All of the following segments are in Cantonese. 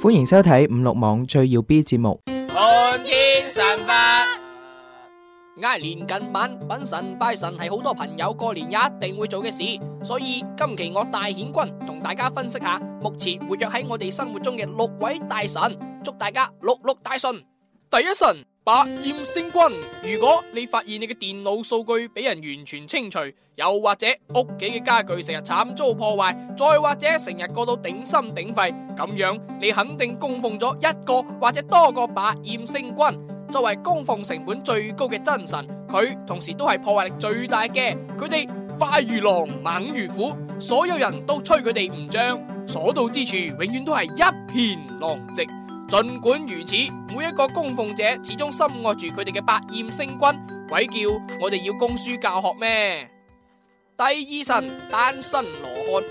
歡迎收睇五六網最耀 B 節目。滿天神佛，挨年近晚，品神拜神係好多朋友過年也一定會做嘅事，所以今期我大顯君同大家分析下，目前活躍喺我哋生活中嘅六位大神，祝大家六六大順。第一神。把焰星君，如果你發現你嘅電腦數據俾人完全清除，又或者屋企嘅家具成日慘遭破壞，再或者成日過到頂心頂肺，咁樣你肯定供奉咗一個或者多個把焰星君。作為供奉成本最高嘅真神，佢同時都係破壞力最大嘅。佢哋快如狼，猛如虎，所有人都吹佢哋唔脹，所到之處永遠都係一片狼藉。盡管如此，每一個供奉者始終深愛住佢哋嘅百厭星君，鬼叫我哋要供書教學咩？第二神，單身羅漢，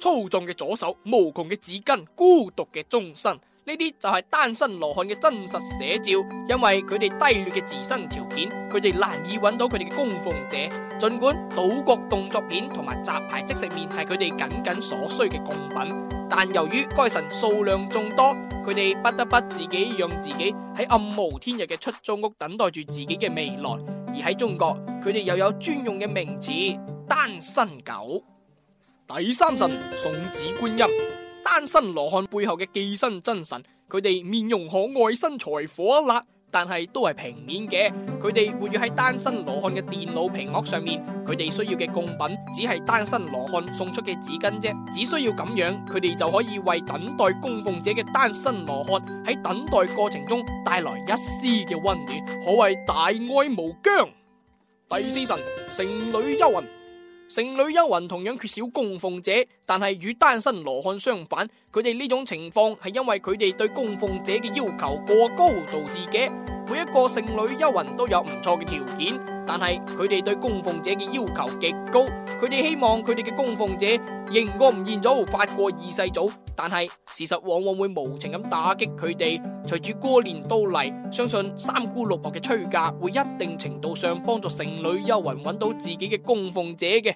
粗壯嘅左手，無窮嘅指根，孤獨嘅終身。呢啲就係單身羅漢嘅真實寫照，因為佢哋低劣嘅自身條件，佢哋難以揾到佢哋嘅供奉者。盡管島國動作片同埋雜牌即食麵係佢哋僅僅所需嘅貢品，但由於該神數量眾多，佢哋不得不自己養自己，喺暗無天日嘅出租屋等待住自己嘅未來。而喺中國，佢哋又有專用嘅名字——單身狗。第三神：送子觀音。單身羅漢背後嘅寄生真神，佢哋面容可愛，身材火辣，但係都係平面嘅。佢哋活躍喺單身羅漢嘅電腦屏幕上面，佢哋需要嘅供品只係單身羅漢送出嘅紙巾啫，只需要咁樣，佢哋就可以為等待供奉者嘅單身羅漢喺等待過程中帶來一絲嘅溫暖，可謂大愛無疆。第四神，剩女幽魂。剩女幽魂同樣缺少供奉者，但係與單身羅漢相反，佢哋呢種情況係因為佢哋對供奉者嘅要求過高導致嘅。每一個剩女幽魂都有唔錯嘅條件，但係佢哋對供奉者嘅要求極高。佢哋希望佢哋嘅供奉者贏過吳彥祖，發過二世祖，但係事實往往會無情咁打擊佢哋。隨住過年到嚟，相信三姑六婆嘅催嫁會一定程度上幫助剩女幽魂揾到自己嘅供奉者嘅。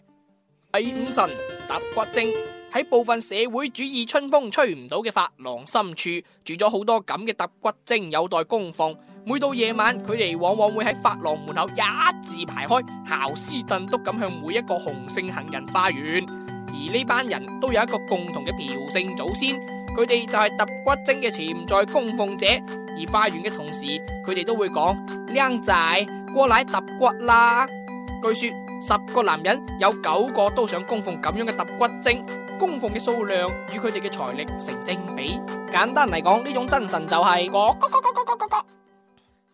第五神，揼骨精。喺部分社會主義春風吹唔到嘅髮廊深處住咗好多咁嘅揼骨精，有待供奉。每到夜晚，佢哋往往會喺髮廊門口一字排開，姣斯頓篤咁向每一個雄性行人化緣。而呢班人都有一個共同嘅嫖姓祖先，佢哋就係揼骨精嘅潛在供奉者。而化緣嘅同時，佢哋都會講，靚仔，過嚟揼骨啦。據說。十個男人有九個都想供奉咁樣嘅揼骨精，供奉嘅數量與佢哋嘅財力成正比。簡單嚟講，呢種真神就係我咯咯咯咯咯咯。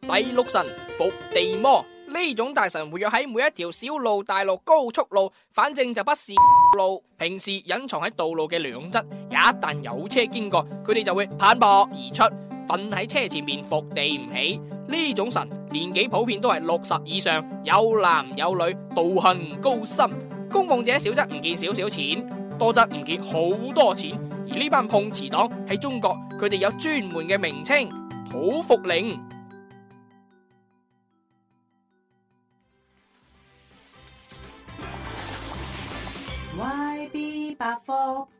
第六神，伏地魔，呢種大神活躍喺每一條小路、大路、高速路，反正就不是 X X 路。平時隱藏喺道路嘅兩側，一旦有車經過，佢哋就會噴薄而出。瞓喺車前面伏地唔起，呢種神年紀普遍都係六十以上，有男有女，道行高深，供奉者少則唔見少少錢，多則唔見好多錢。而呢班碰瓷黨喺中國，佢哋有專門嘅名稱，土茯苓。Why be？白鶴。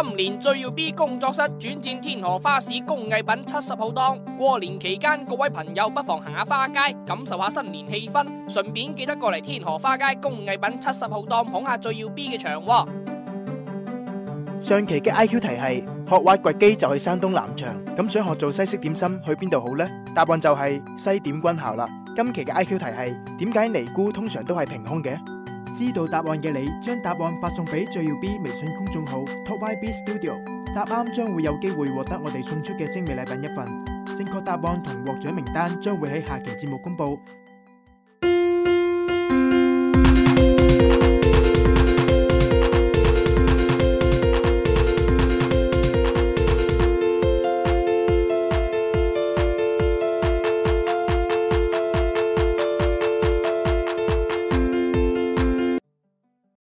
今年最耀 B 工作室轉戰天河花市工藝品七十號檔，過年期間各位朋友不妨行下花街，感受下新年氣氛，順便記得過嚟天河花街工藝品七十號檔捧下最耀 B 嘅場。上期嘅 IQ 題係學挖掘機就去山東南翔，咁想學做西式點心去邊度好呢？答案就係西點軍校啦。今期嘅 IQ 題係點解尼姑通常都係平胸嘅？知道答案嘅你，將答案發送俾最耀 B 微信公眾號 TopYB Studio，答啱將會有機會獲得我哋送出嘅精美禮品一份。正確答案同獲獎名單將會喺下期節目公布。